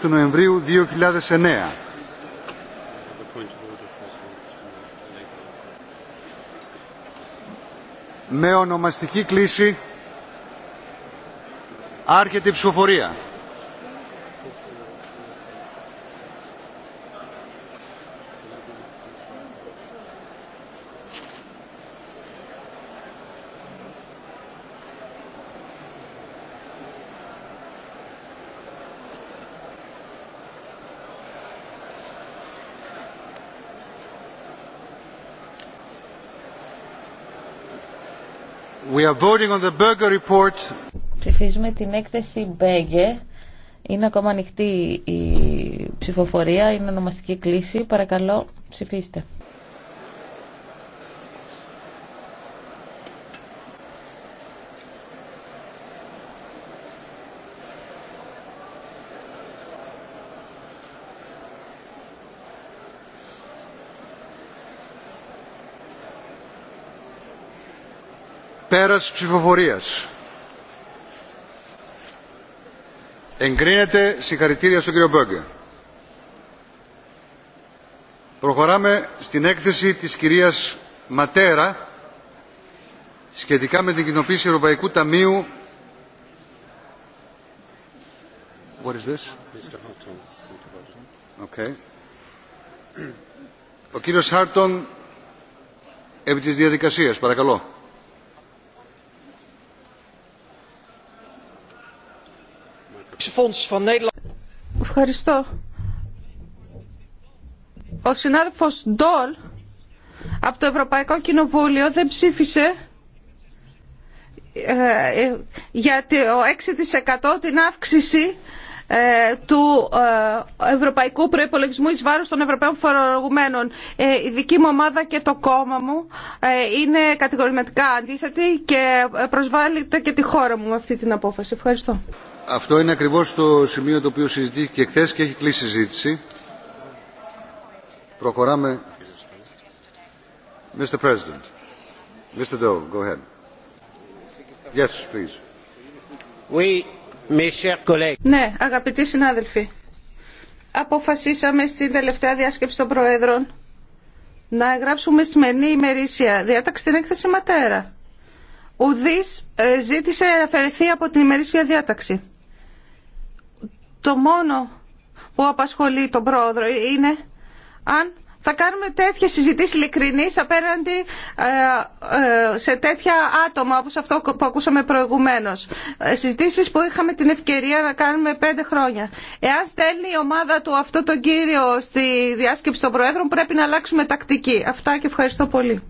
του Νοεμβρίου 2009. Με ονομαστική κλίση άρχεται η ψηφοφορία. Ψηφίζουμε την έκθεση Μπέγκε. Είναι ακόμα ανοιχτή η ψηφοφορία, είναι ονομαστική κλίση. Παρακαλώ, ψηφίστε. Πέρας ψηφοφορίας. Εγκρίνεται συγχαρητήρια στον κύριο Μπέγκε. Προχωράμε στην έκθεση της κυρίας Ματέρα σχετικά με την κοινοποίηση Ευρωπαϊκού Ταμείου What is this? Okay. Ο κύριος Χάρτον επί της διαδικασίας, παρακαλώ. van Nederland. Ευχαριστώ. Ο συνάδελφος Ντόλ από το Ευρωπαϊκό Κοινοβούλιο δεν ψήφισε για το 6% την αύξηση ε, του ε, ευρωπαϊκού προϋπολογισμού εις βάρος των ευρωπαίων φορολογουμένων. Ε, η δική μου ομάδα και το κόμμα μου είναι κατηγορηματικά αντίθετη και προσβάλλεται και τη χώρα μου με αυτή την απόφαση. Ευχαριστώ. Αυτό είναι ακριβώς το σημείο το οποίο συζητήθηκε χθε και έχει κλείσει η συζήτηση. Προχωράμε. Mr. President. Mr. Doe, go ahead. Yes, please. Oui, mes chers collègues. Ναι, αγαπητοί συνάδελφοι. Αποφασίσαμε στην τελευταία διάσκεψη των Προέδρων να εγγράψουμε σημερινή ημερήσια διάταξη στην έκθεση Ματέρα. Ουδής ε, ζήτησε να αφαιρεθεί από την ημερήσια διάταξη το μόνο που απασχολεί τον πρόεδρο είναι αν θα κάνουμε τέτοια συζητήσεις ειλικρινής απέναντι ε, ε, σε τέτοια άτομα όπως αυτό που ακούσαμε προηγουμένως. Ε, συζητήσεις που είχαμε την ευκαιρία να κάνουμε πέντε χρόνια. Εάν στέλνει η ομάδα του αυτό τον κύριο στη διάσκεψη των Προέδρων πρέπει να αλλάξουμε τακτική. Αυτά και ευχαριστώ πολύ.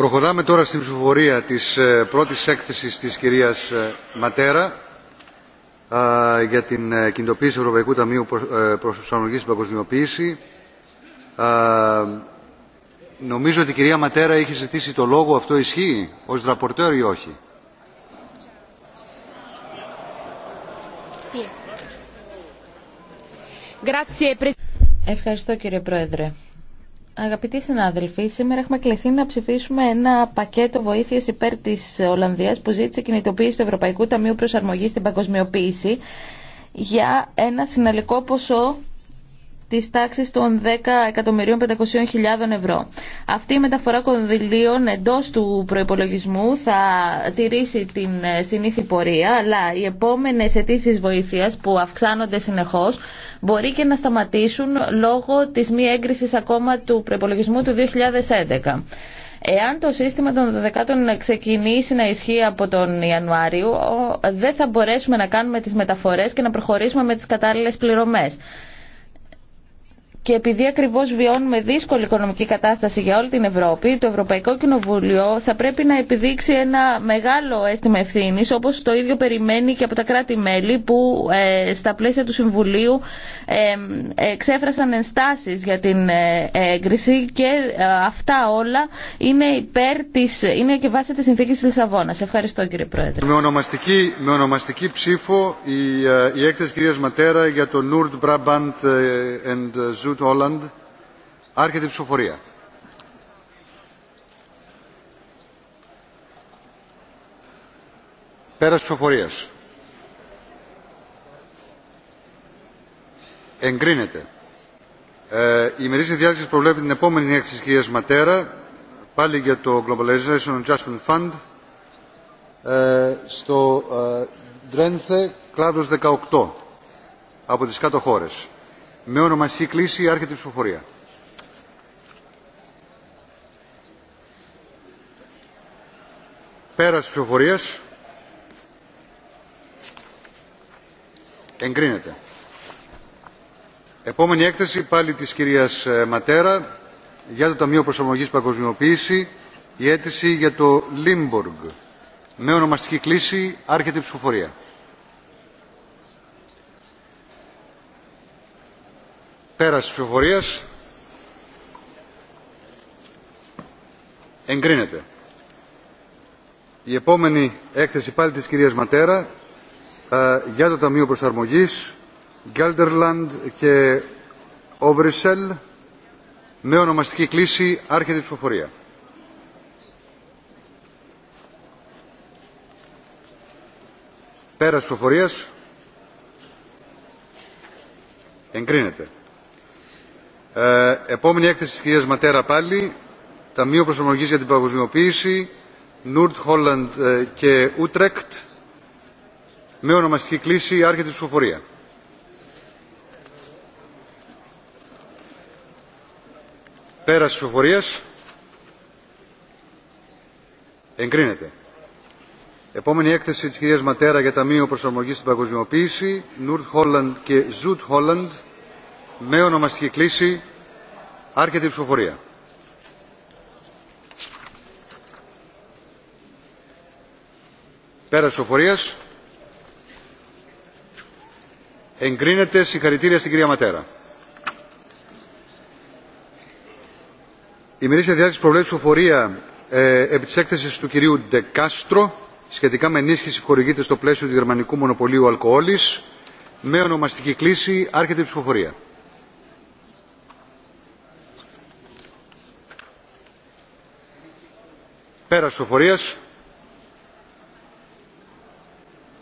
Προχωράμε τώρα στην ψηφοφορία της ε, πρώτης έκθεσης της κυρίας ε, Ματέρα ε, για την κινητοποίηση του Ευρωπαϊκού Ταμείου Προσαρμογής στην Παγκοσμιοποίηση. Νομίζω ότι η κυρία Ματέρα είχε ζητήσει το λόγο, αυτό ισχύει, ως δραπορτέρ ή όχι. Ευχαριστώ κύριε Πρόεδρε. Αγαπητοί συνάδελφοι, σήμερα έχουμε κληθεί να ψηφίσουμε ένα πακέτο βοήθειας υπέρ της Ολλανδίας που ζήτησε κινητοποίηση του Ευρωπαϊκού Ταμείου Προσαρμογής στην Παγκοσμιοποίηση για ένα συνολικό ποσό της τάξης των 10.500.000 ευρώ. Αυτή η μεταφορά κονδυλίων εντός του προπολογισμού θα τηρήσει την συνήθη πορεία, αλλά οι επόμενες αιτήσει βοήθειας που αυξάνονται συνεχώς, μπορεί και να σταματήσουν λόγω της μη έγκρισης ακόμα του προπολογισμού του 2011. Εάν το σύστημα των 12 ξεκινήσει να ισχύει από τον Ιανουάριο, δεν θα μπορέσουμε να κάνουμε τις μεταφορές και να προχωρήσουμε με τις κατάλληλες πληρωμές. Και επειδή ακριβώ βιώνουμε δύσκολη οικονομική κατάσταση για όλη την Ευρώπη, το Ευρωπαϊκό Κοινοβούλιο θα πρέπει να επιδείξει ένα μεγάλο αίσθημα ευθύνη, όπω το ίδιο περιμένει και από τα κράτη-μέλη που ε, στα πλαίσια του Συμβουλίου ε, εξέφρασαν ενστάσει για την ε, έγκριση και ε, αυτά όλα είναι, υπέρ της, είναι και βάσει τη συνθήκη τη Λισαβόνα. Ευχαριστώ κύριε Πρόεδρε. Με ονομαστική, ψήφο η, η έκθεση κυρία Ματέρα για το Ινστιτούτ Όλαντ. Άρχεται η ψηφοφορία. Πέρας ψηφοφορίας. Εγκρίνεται. Ε, η ημερήσια διάλυση προβλέπει την επόμενη έκθεση της Ματέρα, πάλι για το Globalization Adjustment Fund, ε, στο Δρένθε, κλάδο κλάδος 18, από τις κάτω χώρες. Με ονομαστική κλίση άρχεται η ψηφοφορία. Πέρας ψηφοφορίας. Εγκρίνεται. Επόμενη έκθεση πάλι της κυρίας ε, Ματέρα για το Ταμείο Προσαρμογής Παγκοσμιοποίηση η αίτηση για το Λίμποργκ. Με ονομαστική κλίση άρχεται η ψηφοφορία. Πέραση της ψηφοφορίας εγκρίνεται. Η επόμενη έκθεση πάλι της κυρίας Ματέρα ε, για το Ταμείο Προσαρμογής Γκάλτερλαντ και Όβρισελ με ονομαστική κλίση άρχεται η ψηφοφορία. Πέρας ψηφοφορίας εγκρίνεται. Ε, επόμενη έκθεση της κυρίας Ματέρα πάλι. Ταμείο Προσαρμογής για την Παγκοσμιοποίηση. Νουρτ Χόλαντ ε, και Ούτρεκτ. Με ονομαστική κλίση άρχεται η ψηφοφορία. Πέραση ψηφοφορίας. Εγκρίνεται. Επόμενη έκθεση της κυρίας Ματέρα για Ταμείο Προσαρμογής στην Παγκοσμιοποίηση. Νουρτ Χόλαντ και Ζουτ Χόλαντ με ναι, ονομαστική κλίση άρχεται η ψηφοφορία. Πέρα ψηφοφορίας. Εγκρίνεται συγχαρητήρια στην κυρία Ματέρα. Η μερίσια διάθεση προβλέπει ψηφοφορία ε, επί της έκθεσης του κυρίου Ντεκάστρο σχετικά με ενίσχυση που χορηγείται στο πλαίσιο του γερμανικού μονοπωλίου αλκοόλης με ονομαστική κλίση άρχεται η ψηφοφορία. Πέρας ψηφοφορίας.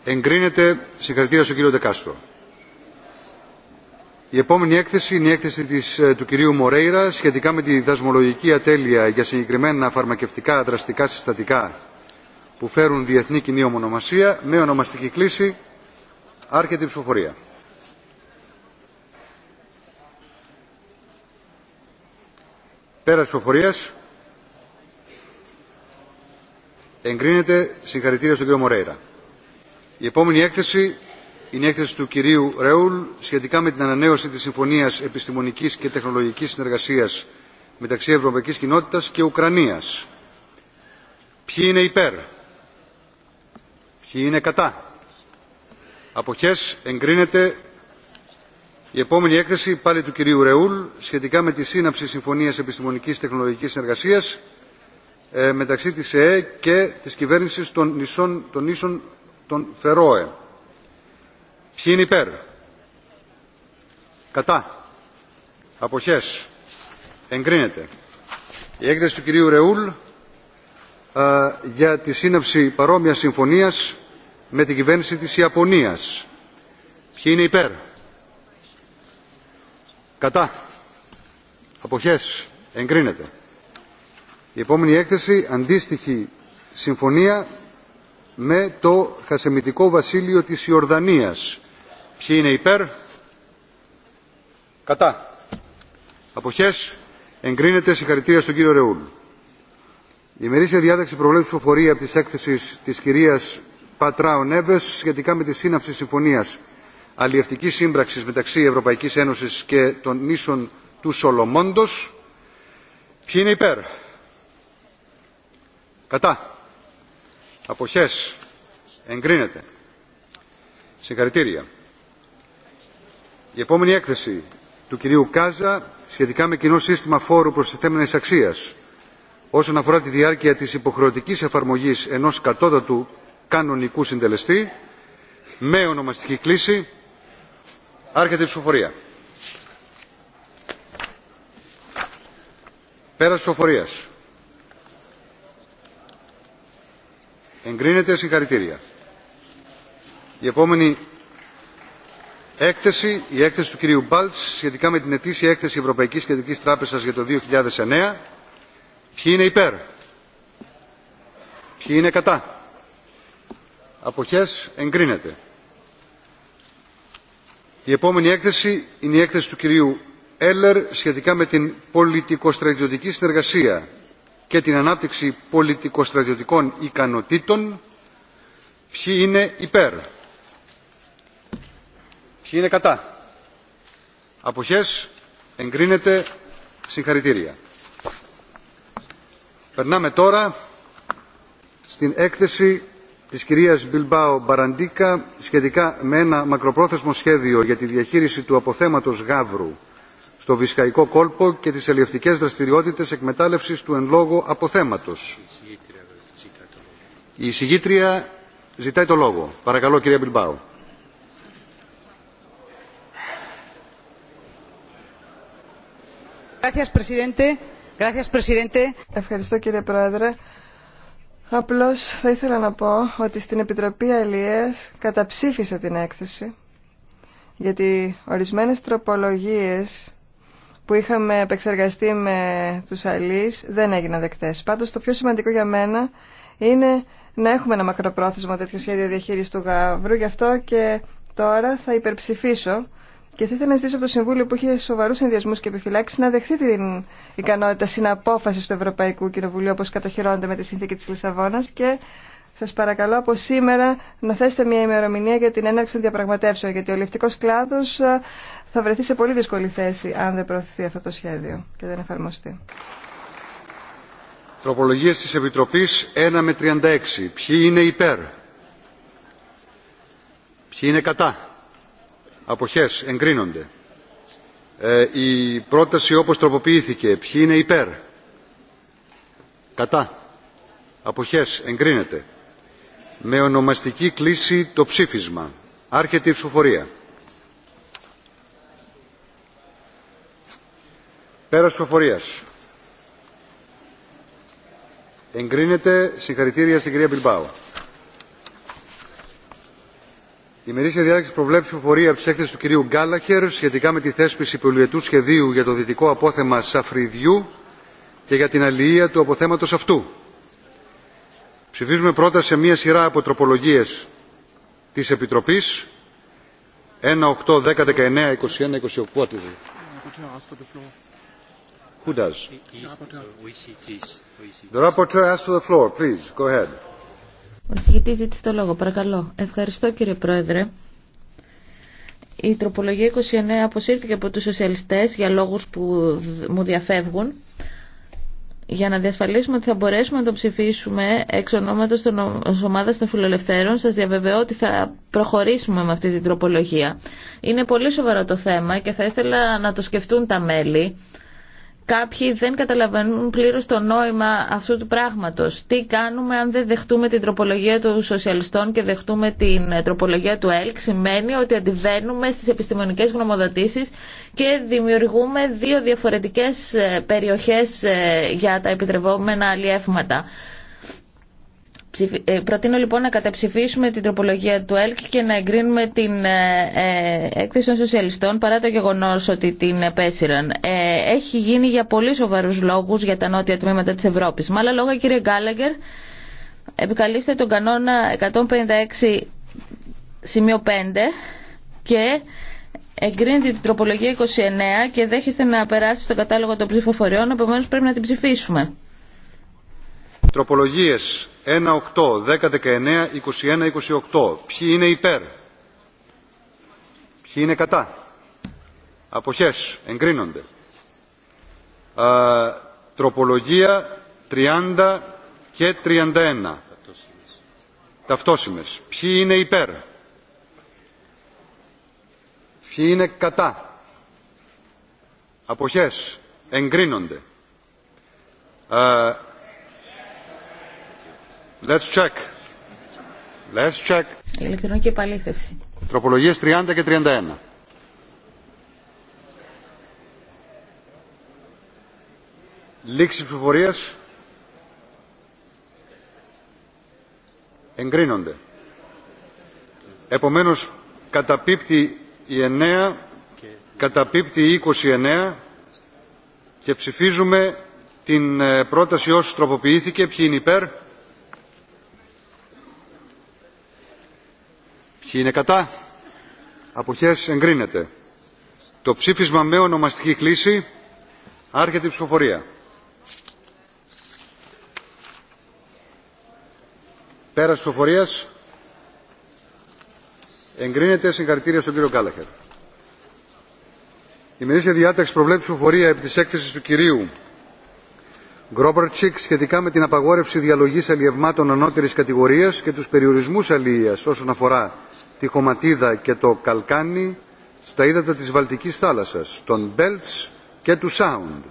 Εγκρίνεται. Συγχαρητήρια στον κύριο Ντεκάστρο. Η επόμενη έκθεση είναι η έκθεση της, ε, του κυρίου Μορέιρα σχετικά με τη δασμολογική ατέλεια για συγκεκριμένα φαρμακευτικά δραστικά συστατικά που φέρουν διεθνή κοινή ομονομασία με ονομαστική κλίση άρχεται η ψηφοφορία. Πέρα ψηφοφορίας. Εγκρίνεται. Συγχαρητήρια στον κύριο Μορέιρα. Η επόμενη έκθεση είναι η έκθεση του κυρίου Ρεούλ σχετικά με την ανανέωση της Συμφωνίας Επιστημονικής και Τεχνολογικής Συνεργασίας μεταξύ Ευρωπαϊκής Κοινότητας και Ουκρανίας. Ποιοι είναι υπέρ. Ποιοι είναι κατά. Αποχές εγκρίνεται η επόμενη έκθεση πάλι του κυρίου Ρεούλ σχετικά με τη σύναψη Συμφωνίας Επιστημονικής Τεχνολογικής Συνεργασίας ε, μεταξύ της ΕΕ και της κυβέρνησης των νησών των, των Φερόε. Ποιοι είναι υπέρ. Κατά. Αποχές. Εγκρίνεται. Η έκθεση του κυρίου Ρεούλ ε, για τη σύναψη παρόμοιας συμφωνίας με την κυβέρνηση της Ιαπωνίας. Ποιοι είναι υπέρ. Κατά. Αποχές. Εγκρίνεται. Η επόμενη έκθεση αντίστοιχη συμφωνία με το Χασεμιτικό Βασίλειο της Ιορδανίας. Ποιοι είναι υπέρ, κατά, αποχές, εγκρίνεται συγχαρητήρια στον κύριο Ρεούλ. Η ημερήσια διάταξη προβλέπει φοφορία από τις έκθεσης της κυρίας Πατράου Νέβες σχετικά με τη σύναψη συμφωνίας αλλιευτικής σύμπραξης μεταξύ Ευρωπαϊκής Ένωσης και των νήσων του Σολομόντος. Ποιοι είναι υπέρ κατά αποχές εγκρίνεται συγχαρητήρια η επόμενη έκθεση του κυρίου Κάζα σχετικά με κοινό σύστημα φόρου προστιθέμενης αξίας όσον αφορά τη διάρκεια της υποχρεωτικής εφαρμογής ενός κατώτατου κανονικού συντελεστή με ονομαστική κλίση άρχεται η ψηφοφορία. Πέρας ψηφοφορίας. Εγκρίνεται συγχαρητήρια. Η επόμενη έκθεση, η έκθεση του κυρίου Μπάλτς σχετικά με την ετήσια έκθεση Ευρωπαϊκής Κεντρικής Τράπεζας για το 2009. Ποιοι είναι υπέρ. Ποιοι είναι κατά. Αποχές εγκρίνεται. Η επόμενη έκθεση είναι η έκθεση του κυρίου Έλλερ σχετικά με την πολιτικοστρατιωτική συνεργασία και την ανάπτυξη πολιτικοστρατιωτικών ικανοτήτων. Ποιοι είναι υπέρ. Ποιοι είναι κατά. Αποχές εγκρίνεται συγχαρητήρια. Περνάμε τώρα στην έκθεση της κυρίας Μπιλμπάου Μπαραντίκα σχετικά με ένα μακροπρόθεσμο σχέδιο για τη διαχείριση του αποθέματος γάβρου. ...το βυσκαϊκό κόλπο και τις ελιευτικές δραστηριότητες εκμετάλλευσης του εν λόγω αποθέματος. Η εισηγήτρια ζητάει το λόγο. Παρακαλώ κυρία Μπιλμπάου. Ευχαριστώ κύριε Πρόεδρε. Απλώς θα ήθελα να πω ότι στην Επιτροπή Αλίας καταψήφισε την έκθεση γιατί ορισμένες τροπολογίες που είχαμε επεξεργαστεί με τους αλείς δεν έγιναν δεκτές. Πάντως το πιο σημαντικό για μένα είναι να έχουμε ένα μακροπρόθεσμο τέτοιο σχέδιο διαχείρισης του γαύρου. Γι' αυτό και τώρα θα υπερψηφίσω και θα ήθελα να ζητήσω από το Συμβούλιο που είχε σοβαρού συνδυασμού και επιφυλάξει να δεχθεί την ικανότητα συναπόφαση του Ευρωπαϊκού Κοινοβουλίου όπω κατοχυρώνεται με τη συνθήκη τη Λισαβόνα και σας παρακαλώ από σήμερα να θέσετε μια ημερομηνία για την έναρξη των διαπραγματεύσεων, γιατί ο ληφτικός κλάδος ε, θα βρεθεί σε πολύ δύσκολη θέση αν δεν προωθηθεί αυτό το σχέδιο και δεν εφαρμοστεί. Τροπολογίες της Επιτροπής 1 με 36. Ποιοι είναι υπέρ. Ποιοι είναι κατά. Αποχές. Εγκρίνονται. Ε, η πρόταση όπως τροποποιήθηκε. Ποιοι είναι υπέρ. Κατά. Αποχές. Εγκρίνεται με ονομαστική κλίση το ψήφισμα. Άρχεται η ψηφοφορία. Πέρας ψηφοφορίας. Εγκρίνεται συγχαρητήρια στην κυρία Μπιλμπάου. Η μερίσια διάταξη προβλέπει ψηφοφορία τη έκθεση του κυρίου Γκάλαχερ σχετικά με τη θέσπιση πολιετού σχεδίου για το δυτικό απόθεμα Σαφριδιού και για την αλληλεία του αποθέματο αυτού. Ψηφίζουμε πρώτα σε μία σειρά από τροπολογίες της Επιτροπής 1, 8, 10, 19, 21, 28. Ο ζήτησε το λόγο, παρακαλώ. Ευχαριστώ κύριε Πρόεδρε. Η τροπολογία 29 αποσύρθηκε από τους σοσιαλιστές για λόγους που μου διαφεύγουν για να διασφαλίσουμε ότι θα μπορέσουμε να το ψηφίσουμε εξ ονόματος της ομάδας των φιλελευθέρων, σας διαβεβαιώ ότι θα προχωρήσουμε με αυτή την τροπολογία. Είναι πολύ σοβαρό το θέμα και θα ήθελα να το σκεφτούν τα μέλη κάποιοι δεν καταλαβαίνουν πλήρως το νόημα αυτού του πράγματος. Τι κάνουμε αν δεν δεχτούμε την τροπολογία των σοσιαλιστών και δεχτούμε την ε, τροπολογία του ΕΛΚ σημαίνει ότι αντιβαίνουμε στις επιστημονικές γνωμοδοτήσεις και δημιουργούμε δύο διαφορετικές ε, περιοχές ε, για τα επιτρεβόμενα αλλιεύματα. Ε, προτείνω λοιπόν να καταψηφίσουμε την τροπολογία του ΕΛΚ και να εγκρίνουμε την ε, ε έκθεση των σοσιαλιστών παρά το γεγονό ότι την επέσυραν. Ε, έχει γίνει για πολύ σοβαρούς λόγου για τα νότια τμήματα τη Ευρώπη. Με άλλα λόγα κύριε Γκάλαγκερ, επικαλείστε τον κανόνα 156 σημείο 5 και εγκρίνετε την τροπολογία 29 και δέχεστε να περάσει στο κατάλογο των ψηφοφοριών, επομένω πρέπει να την ψηφίσουμε. Τροπολογίες 1, 8, 10, 19, 21, 28. Ποιοι είναι υπέρ. Ποιοι είναι κατά. Αποχές. Εγκρίνονται. Α, τροπολογία 30 και 31. Ταυτόσιμες. Ποιοι είναι υπέρ. Ποιοι είναι κατά. Αποχές. Εγκρίνονται. Α, Let's check. Let's Τροπολογίες 30 και 31. Λήξη ψηφοφορίας. Εγκρίνονται. Επομένως, καταπίπτει η 9, καταπίπτει η 29 και ψηφίζουμε την ε, πρόταση όσους τροποποιήθηκε. Ποιοι είναι υπέρ. είναι κατά. Αποχές εγκρίνεται. Το ψήφισμα με ονομαστική κλίση άρχεται η ψηφοφορία. Πέρας ψηφοφορίας εγκρίνεται συγχαρητήρια στον κύριο Κάλαχερ. Η μερίσια διάταξη προβλέπει ψηφοφορία επί της έκθεσης του κυρίου Γκρόμπερτσικ σχετικά με την απαγόρευση διαλογής αλλιευμάτων ανώτερης κατηγορίας και τους περιορισμούς αλληλείας όσον αφορά τη χωματίδα και το καλκάνι στα ύδατα της Βαλτικής θάλασσας, των Μπέλτς και του Σάουντ.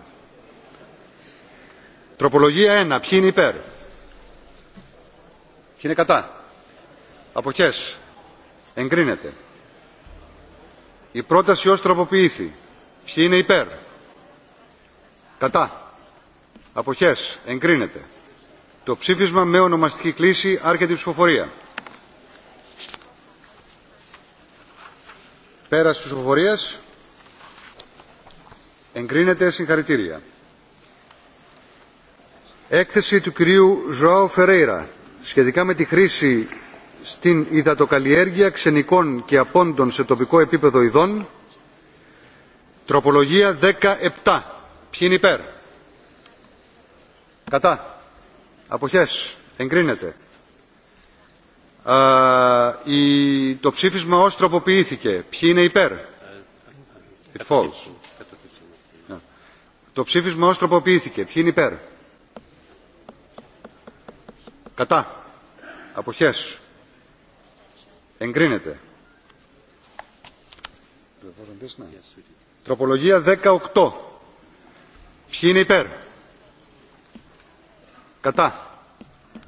Τροπολογία 1. Ποιοι είναι υπέρ. Ποιοι είναι κατά. Αποχές. Εγκρίνεται. Η πρόταση ως τροποποιήθη. Ποιοι είναι υπέρ. Κατά. Αποχές. Εγκρίνεται. Το ψήφισμα με ονομαστική κλίση άρχεται η ψηφοφορία. Πέρας ψηφοφορίες. Εγκρίνεται συγχαρητήρια. Έκθεση του κυρίου Ζωάου Φερέιρα σχετικά με τη χρήση στην υδατοκαλλιέργεια ξενικών και απόντων σε τοπικό επίπεδο ειδών. Τροπολογία 17. Ποιοι είναι υπέρ. Κατά. Αποχές. Εγκρίνεται το ψήφισμα ως τροποποιήθηκε. Ποιοι είναι υπέρ. Ναι. Το ψήφισμα ως τροποποιήθηκε. Ποιοι είναι υπέρ. Κατά. Αποχές. Εγκρίνεται. Τροπολογία 18. Ποιοι είναι υπέρ. Κατά.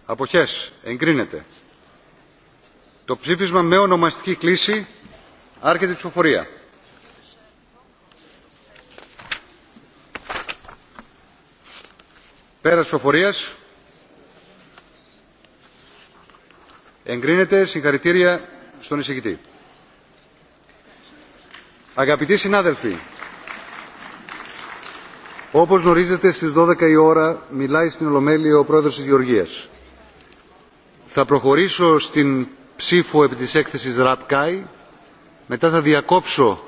Αποχές. Εγκρίνεται. Το ψήφισμα με ονομαστική κλίση άρχεται η ψηφοφορία. Πέρας ψηφοφορίας. Εγκρίνεται συγχαρητήρια στον εισηγητή. Αγαπητοί συνάδελφοι, όπως γνωρίζετε στις 12 η ώρα μιλάει στην Ολομέλεια ο πρόεδρος της Γεωργίας. Θα προχωρήσω στην ψήφου επί της έκθεσης ΡΑΠΚΑΙ. Μετά θα διακόψω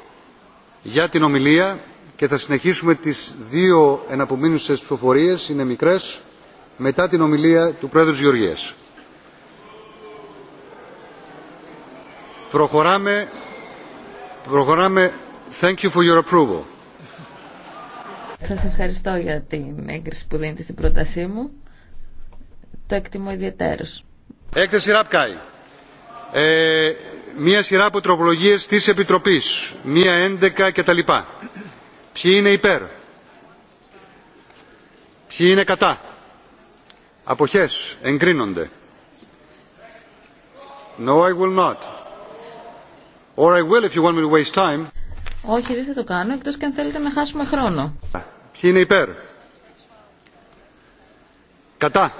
για την ομιλία και θα συνεχίσουμε τις δύο εναπομείνουσες ψηφοφορίες, είναι μικρές, μετά την ομιλία του Πρόεδρου Γεωργίας. Προχωράμε, προχωράμε, thank you for your approval. Σας ευχαριστώ για την έγκριση που δίνετε στην πρότασή μου. Το εκτιμώ Έκθεση ΡΑΠΚΑΙ. Ε, μία σειρά από τροπολογίες της Επιτροπής, μία έντεκα κτλ. Ποιοι είναι υπέρ. Ποιοι είναι κατά. Αποχές. Εγκρίνονται. No, I will not. Or I will if you want me to waste time. Όχι, δεν θα το κάνω, εκτός και αν θέλετε να χάσουμε χρόνο. Ποιοι είναι υπέρ. Κατά.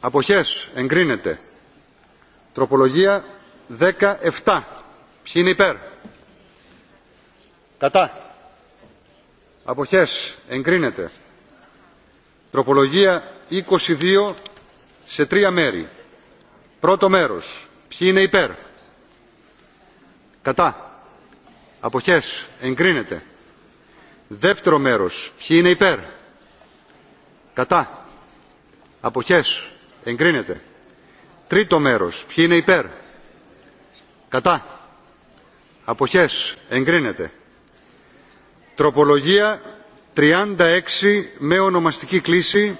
Αποχές. Εγκρίνεται. Τροπολογία 17. Ποιοι είναι υπέρ. Κατά. Αποχές. Εγκρίνεται. Τροπολογία 22 σε τρία μέρη. Πρώτο μέρος. Ποιοι είναι υπέρ. Κατά. Αποχές. Εγκρίνεται. Δεύτερο μέρος. Ποιοι είναι υπέρ. Κατά. Αποχές. Εγκρίνεται. Τρίτο μέρος. Ποιοι είναι υπέρ. Κατά. Αποχές. Εγκρίνεται. Τροπολογία 36 με ονομαστική κλίση.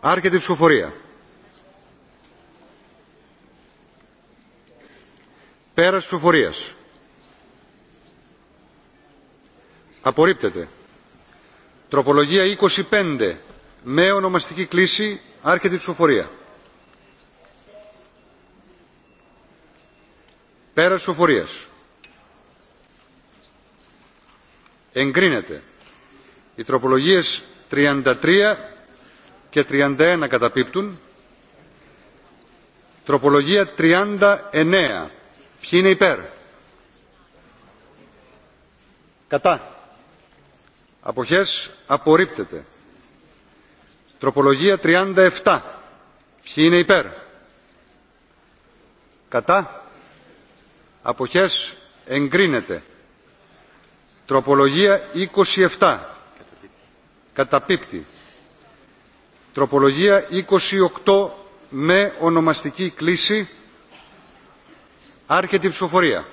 Άρχεται ψηφοφορία. Πέρας ψηφοφορίας. Απορρίπτεται. Τροπολογία 25 με ονομαστική κλίση. Άρχεται ψηφοφορία. Πέρα οφορίας. Εγκρίνεται. Οι τροπολογίες 33 και 31 καταπίπτουν. Τροπολογία 39. Ποιοι είναι υπέρ. Κατά. Αποχές απορρίπτεται. Τροπολογία 37. Ποιοι είναι υπέρ. Κατά αποχές εγκρίνεται τροπολογία 27 καταπίπτει τροπολογία 28 με ονομαστική κλίση Άρκετη ψηφοφορία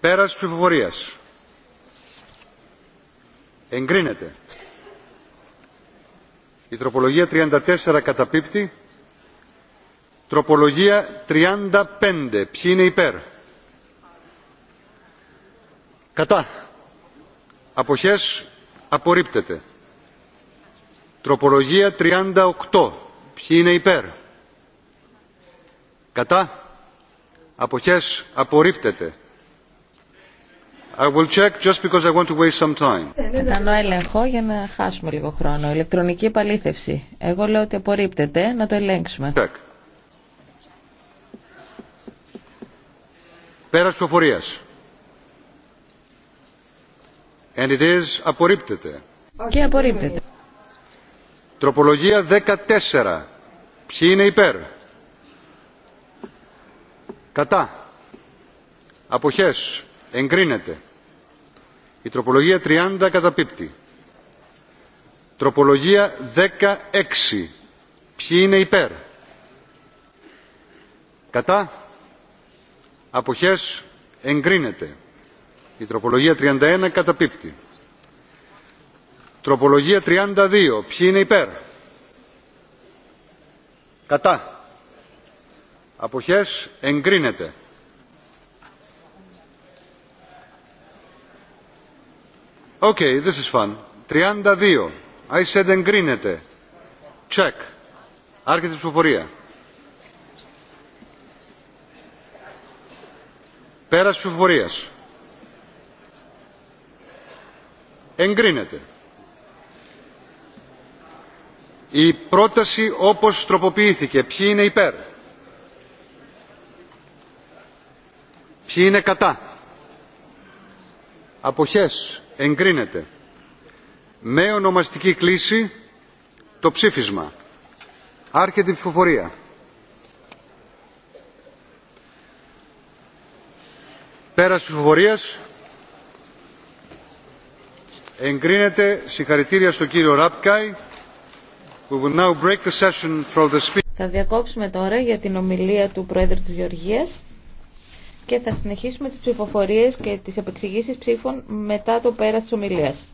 πέρας ψηφοφορίας εγκρίνεται η τροπολογία 34 καταπίπτει. Τροπολογία 35. Ποιοι είναι υπέρ. Κατά. Αποχές απορρίπτεται. Τροπολογία 38. Ποιοι είναι υπέρ. Κατά. Αποχές απορρίπτεται. I Θα κάνω έλεγχο για να χάσουμε λίγο χρόνο. Ηλεκτρονική επαλήθευση. Εγώ λέω ότι απορρίπτεται. Να το ελέγξουμε. Check. Πέρας προφορίας. And it is απορρίπτεται. Και απορρίπτεται. Τροπολογία 14. Ποιοι είναι υπέρ. Κατά. Αποχές. Εγκρίνεται. Η τροπολογία 30 καταπίπτει. Τροπολογία 16. Ποιοι είναι υπέρ. Κατά. Αποχές εγκρίνεται. Η τροπολογία 31 καταπίπτει. Τροπολογία 32. Ποιοι είναι υπέρ. Κατά. Αποχές εγκρίνεται. Okay, this is fun. 32. I said εγκρίνεται. Check. Άρχεται η ψηφοφορία. Πέρας ψηφοφορία. Εγκρίνεται. Η πρόταση όπως τροποποιήθηκε. Ποιοι είναι υπέρ. Ποιοι είναι κατά. Αποχές εγκρίνεται με ονομαστική κλίση το ψήφισμα άρχεται η ψηφοφορία πέρας ψηφοφορίας εγκρίνεται συγχαρητήρια στον κύριο Ράπκαη We will now break the session the... Θα διακόψουμε τώρα για την ομιλία του Πρόεδρου της Γεωργίας και θα συνεχίσουμε τις ψηφοφορίες και τις επεξηγήσεις ψήφων μετά το πέρας της ομιλίας.